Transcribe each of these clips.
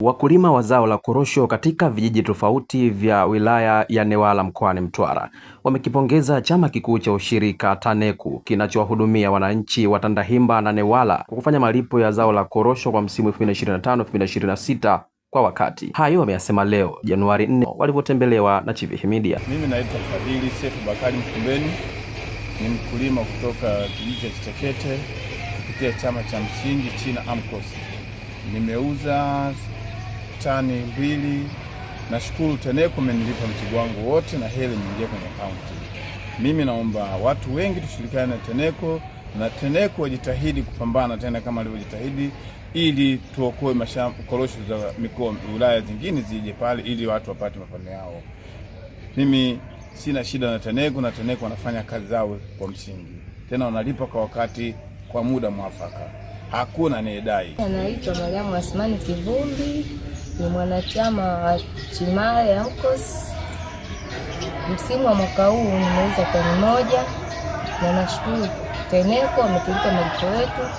Wakulima wa zao la korosho katika vijiji tofauti vya wilaya ya Newala mkoani Mtwara wamekipongeza chama kikuu cha ushirika TANECU kinachowahudumia wananchi wa Tandahimba na Newala kwa kufanya malipo ya zao la korosho kwa msimu 2025/2026 kwa wakati. Hayo wameyasema leo Januari 4 walivyotembelewa na Chivihi Media. Mimi naitwa Fadhili Sefu Bakari Mkumbeni, ni mkulima kutoka kijiji cha Chitekete kupitia chama cha msingi China AMCOS. Nimeuza tani mbili. Nashukuru TANECU amenilipa mzigo wangu wote na hela imeingia kwenye akaunti. Mimi naomba watu wengi tushirikiane na TANECU na TANECU wajitahidi kupambana tena kama alivyojitahidi ili tuokoe korosho za mikoa wilaya zingine zije pale ili watu wapate mapato yao. Mimi sina shida na TANECU na TANECU wanafanya kazi zao kwa msingi, tena wanalipa kwa wakati, kwa muda mwafaka, hakuna anayedai. Anaitwa Mariamu Asmani Kivumbi ni mwanachama wa Chimale AUCOS. Msimu wa mwaka huu nimeweza tani moja, na nashukuru TENECO ametulika malipo yetu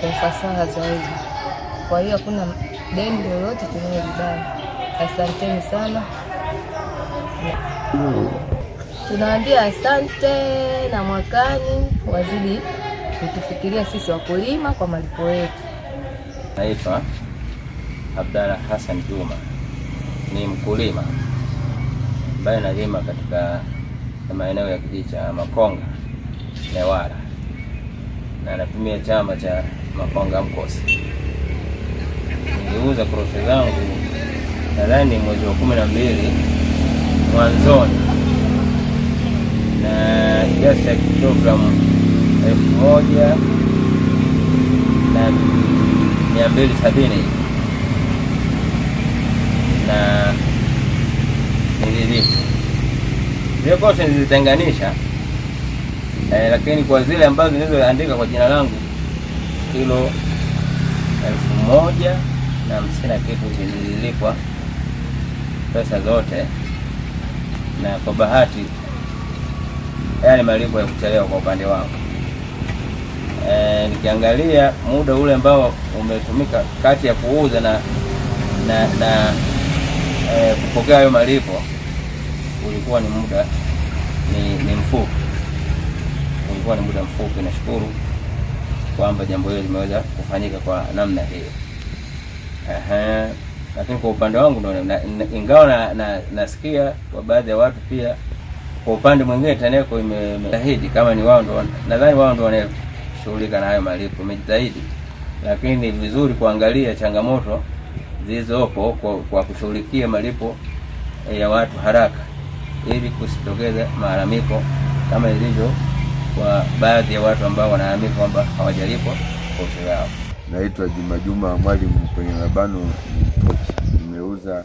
kwa ufasaha zaidi. Kwa hiyo hakuna deni lolote tunalodai. Asanteni sana, tunaambia asante, na mwakani wazidi kutufikiria sisi wakulima kwa malipo yetu. Taifa Abdalla Hassan Juma ni mkulima ambaye analima katika maeneo ya kijiji cha Makonga Newala, na anatumia chama cha Makonga Mkosi. Niliuza korosho zangu nadhani mwezi wa kumi na mbili mwanzoni, na kiasi cha kilogramu elfu moja na mia mbili sabini zile kote nilizitenganisha eh, lakini kwa zile ambazo nilizoandika kwa jina langu kilo elfu moja na hamsini na kitu zililipwa pesa zote, na kwa bahati yale malipo ya kuchelewa kwa upande wangu. E, nikiangalia muda ule ambao umetumika kati ya kuuza na na, na e, kupokea hayo malipo ulikuwa ni muda ni, ni mfupi, ulikuwa ni muda mfupi. Nashukuru kwamba jambo hilo limeweza kufanyika kwa namna hiyo. Aha, lakini kwa upande wangu ndio ingawa na, na, nasikia kwa baadhi ya watu pia kwa upande mwingine TANECO imejitahidi kama ni wao ndo, nadhani wao ndo wanashughulika na hayo malipo, imejitahidi, lakini ni vizuri kuangalia changamoto zilizopo kwa, kwa kushughulikia malipo ya watu haraka ili kusitokeze malalamiko kama ilivyo kwa baadhi ya watu ambao wanalalamika kwamba hawajalipwa posho yao. Naitwa Juma Juma mwalimu kwenye mabano ni mtochi. Nimeuza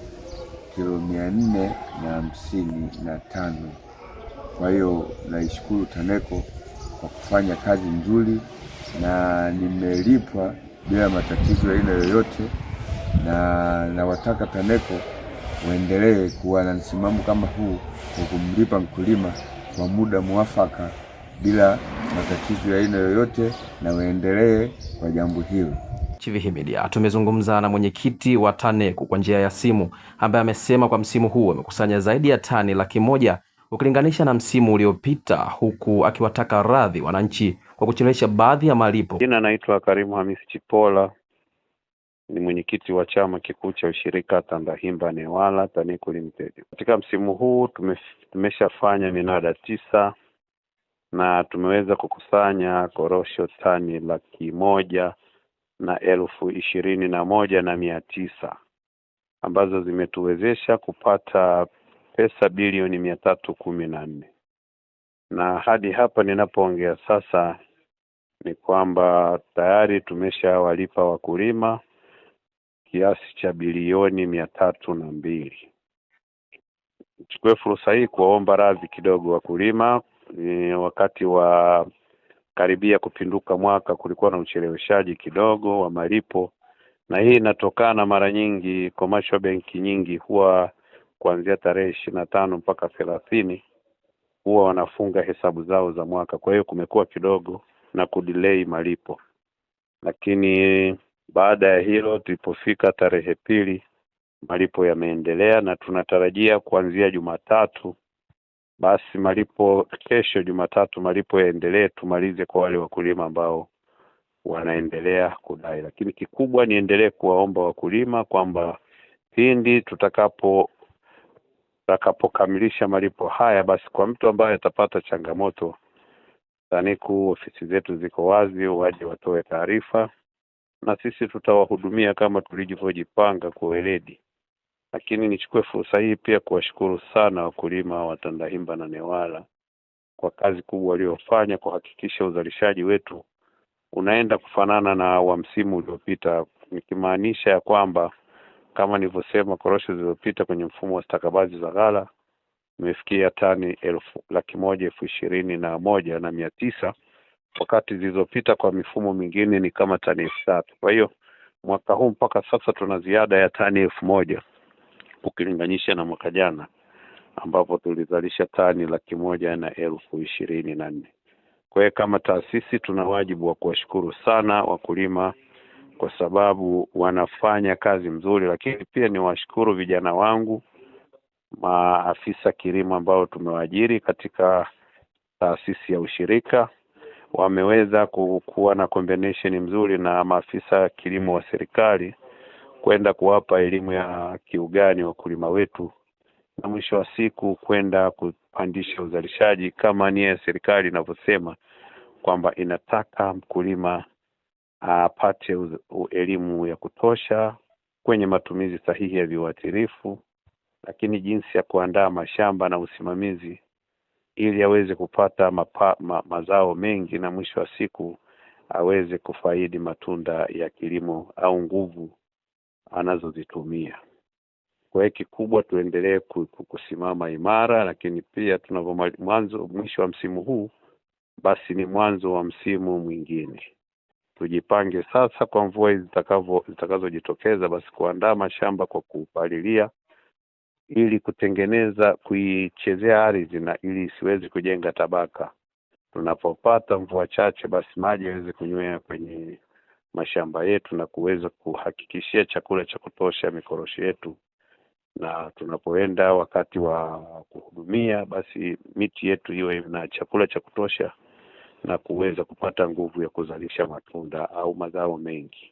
kilo mia nne na hamsini na tano. Kwa hiyo naishukuru TANECO kwa kufanya kazi nzuri na nimelipwa bila matatizo ya aina yoyote, na nawataka TANECO waendelee kuwa na msimamo kama huu wa kumlipa mkulima kwa muda mwafaka bila matatizo ya aina yoyote, na waendelee kwa jambo hilo. Chivihi tumezungumza na mwenyekiti wa TANECU kwa njia ya simu ambaye amesema kwa msimu huu amekusanya zaidi ya tani laki moja ukilinganisha na msimu uliopita, huku akiwataka radhi wananchi kwa kuchelewesha baadhi ya malipo. Jina naitwa Karimu Hamisi Chipola, ni mwenyekiti wa chama kikuu cha ushirika Tandahimba Newala Taniku Limited. Katika msimu huu tume, tumeshafanya minada tisa na tumeweza kukusanya korosho tani laki moja na elfu ishirini na moja na mia tisa ambazo zimetuwezesha kupata pesa bilioni mia tatu kumi na nne na hadi hapa ninapoongea sasa ni kwamba tayari tumeshawalipa wakulima kiasi cha bilioni mia tatu na mbili. Nichukue fursa hii kuwaomba radhi kidogo wakulima e, wakati wa karibia kupinduka mwaka kulikuwa na ucheleweshaji kidogo wa malipo, na hii inatokana mara nyingi commercial benki nyingi huwa kuanzia tarehe ishirini na tano mpaka thelathini huwa wanafunga hesabu zao za mwaka, kwa hiyo kumekuwa kidogo na kudelay malipo, lakini baada ya hilo, tulipofika tarehe pili, malipo yameendelea na tunatarajia kuanzia Jumatatu basi malipo kesho Jumatatu malipo yaendelee, tumalize kwa wale wakulima ambao wanaendelea kudai. Lakini kikubwa niendelee kuwaomba wakulima kwamba pindi tutakapo tutakapokamilisha malipo haya, basi kwa mtu ambaye atapata changamoto, TANIKU ofisi zetu ziko wazi, waje watoe taarifa na sisi tutawahudumia kama tulivyojipanga kwa weledi. Lakini nichukue fursa hii pia kuwashukuru sana wakulima wa Tandahimba na Newala kwa kazi kubwa waliofanya kuhakikisha uzalishaji wetu unaenda kufanana na wa msimu uliopita, nikimaanisha ya kwamba kama nilivyosema korosho zilizopita kwenye mfumo wa stakabadhi za ghala imefikia tani elfu laki moja elfu ishirini na moja na mia tisa wakati zilizopita kwa mifumo mingine ni kama tani elfu tatu kwa hiyo mwaka huu mpaka sasa tuna ziada ya tani elfu moja ukilinganisha na mwaka jana ambapo tulizalisha tani laki moja na elfu ishirini na nne kwa hiyo kama taasisi tuna wajibu wa kuwashukuru sana wakulima kwa sababu wanafanya kazi mzuri, lakini pia niwashukuru vijana wangu maafisa kilimo ambao tumewaajiri katika taasisi ya ushirika wameweza kuwa na combination mzuri na maafisa kilimo wa serikali kwenda kuwapa elimu ya kiugani wakulima wetu, na mwisho wa siku kwenda kupandisha uzalishaji kama nia ya serikali inavyosema kwamba inataka mkulima apate elimu ya kutosha kwenye matumizi sahihi ya viuatilifu, lakini jinsi ya kuandaa mashamba na usimamizi ili aweze kupata mapa, ma, mazao mengi na mwisho wa siku aweze kufaidi matunda ya kilimo au nguvu anazozitumia. Kwa hiyo kikubwa tuendelee kusimama imara, lakini pia tunavyo mwanzo mwisho wa msimu huu, basi ni mwanzo wa msimu mwingine. Tujipange sasa kwa mvua hizi zitakazojitokeza, basi kuandaa mashamba kwa kupalilia ili kutengeneza kuichezea ardhi na ili isiwezi kujenga tabaka. Tunapopata mvua chache, basi maji yaweze kunywea kwenye mashamba yetu na kuweza kuhakikishia chakula cha kutosha mikoroshi yetu, na tunapoenda wakati wa kuhudumia, basi miti yetu iwe na chakula cha kutosha na kuweza kupata nguvu ya kuzalisha matunda au mazao mengi.